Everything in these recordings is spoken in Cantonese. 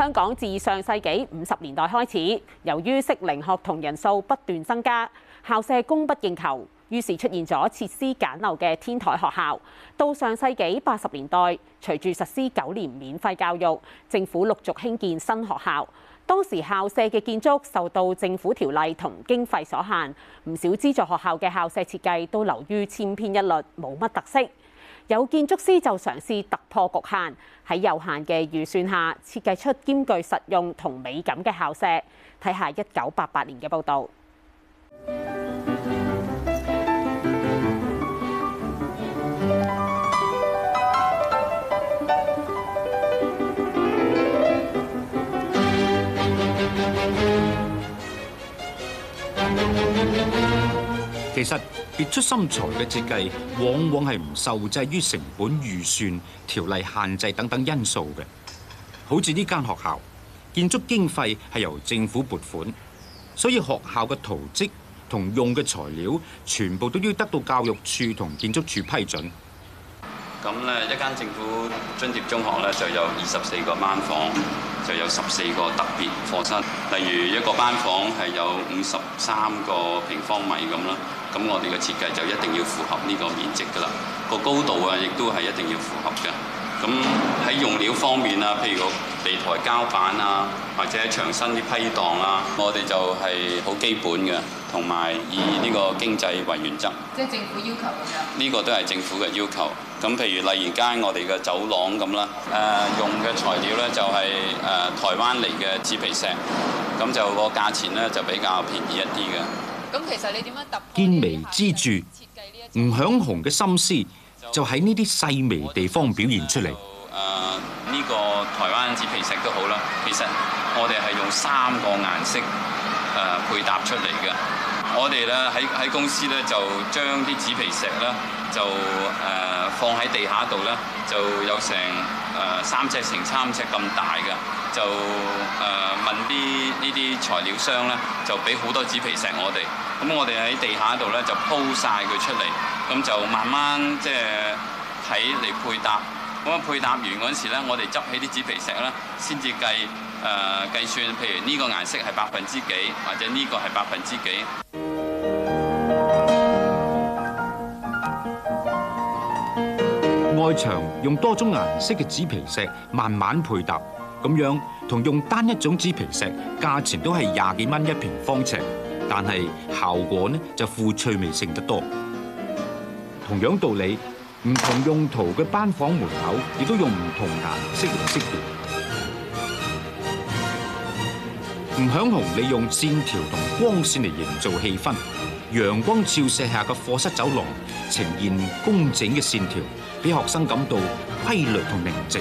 香港自上世紀五十年代開始，由於適齡學童人數不斷增加，校舍供不應求，於是出現咗設施簡陋嘅天台學校。到上世紀八十年代，隨住實施九年免費教育，政府陸續興建新學校。當時校舍嘅建築受到政府條例同經費所限，唔少資助學校嘅校舍設計都流於千篇一律，冇乜特色。有建築師就嘗試突破局限，喺有限嘅預算下設計出兼具實用同美感嘅校舍。睇下一九八八年嘅報導。其實別出心裁嘅設計，往往係唔受制於成本預算、條例限制等等因素嘅。好似呢間學校，建築經費係由政府撥款，所以學校嘅圖則同用嘅材料，全部都要得到教育署同建築署批准。咁咧，一間政府津貼中學咧，就有二十四個班房，就有十四個特別課室。例如一個班房係有五十三個平方米咁啦。咁我哋嘅設計就一定要符合呢個面積噶啦，個高度啊，亦都係一定要符合嘅。咁喺用料方面啊，譬如個地台膠板啊，或者牆身啲批盪啊，我哋就係好基本嘅，同埋以呢個經濟為原則。即係政府要求㗎？呢、呢個都係政府嘅要求。咁譬如例如間我哋嘅走廊咁啦，誒、呃、用嘅材料呢就係、係、誒、呃、台灣嚟嘅紙皮石，咁就個價錢呢就比較便宜一啲嘅。咁其實你點樣見微知著，唔響紅嘅心思就喺呢啲細微地方表現出嚟。誒，呢個台灣紙皮石都好啦。其實我哋係用三個顏色誒配搭出嚟嘅。我哋咧喺喺公司咧就將啲紙皮石咧就誒，放喺地下度咧，就有成誒、呃、三尺乘三尺咁大嘅，就誒、呃、問啲呢啲材料商咧，就俾好多紙皮石我哋，咁我哋喺地下度咧就鋪晒佢出嚟，咁就慢慢即係睇嚟配搭。咁啊配搭完嗰陣時咧，我哋執起啲紙皮石咧，先至計誒計算，譬如呢個顏色係百分之幾，或者呢個係百分之幾。外牆用多種顏色嘅紙皮石慢慢配搭，咁樣同用單一種紙皮石，價錢都係廿幾蚊一平方尺，但係效果呢就富趣味性得多。同樣道理，唔同用途嘅班房門口亦都用唔同顏色嘅色調。吳響紅，利用線條同光線嚟營造氣氛。陽光照射下嘅課室走廊呈現工整嘅線條。俾學生感到規律同寧靜。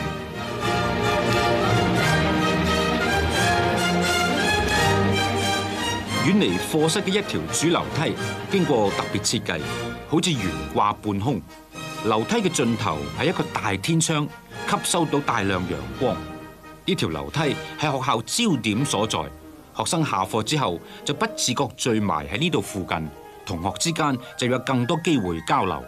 遠離課室嘅一條主樓梯，經過特別設計，好似懸掛半空。樓梯嘅盡頭係一個大天窗，吸收到大量陽光。呢條樓梯係學校焦點所在，學生下課之後就不自覺聚埋喺呢度附近，同學之間就有更多機會交流。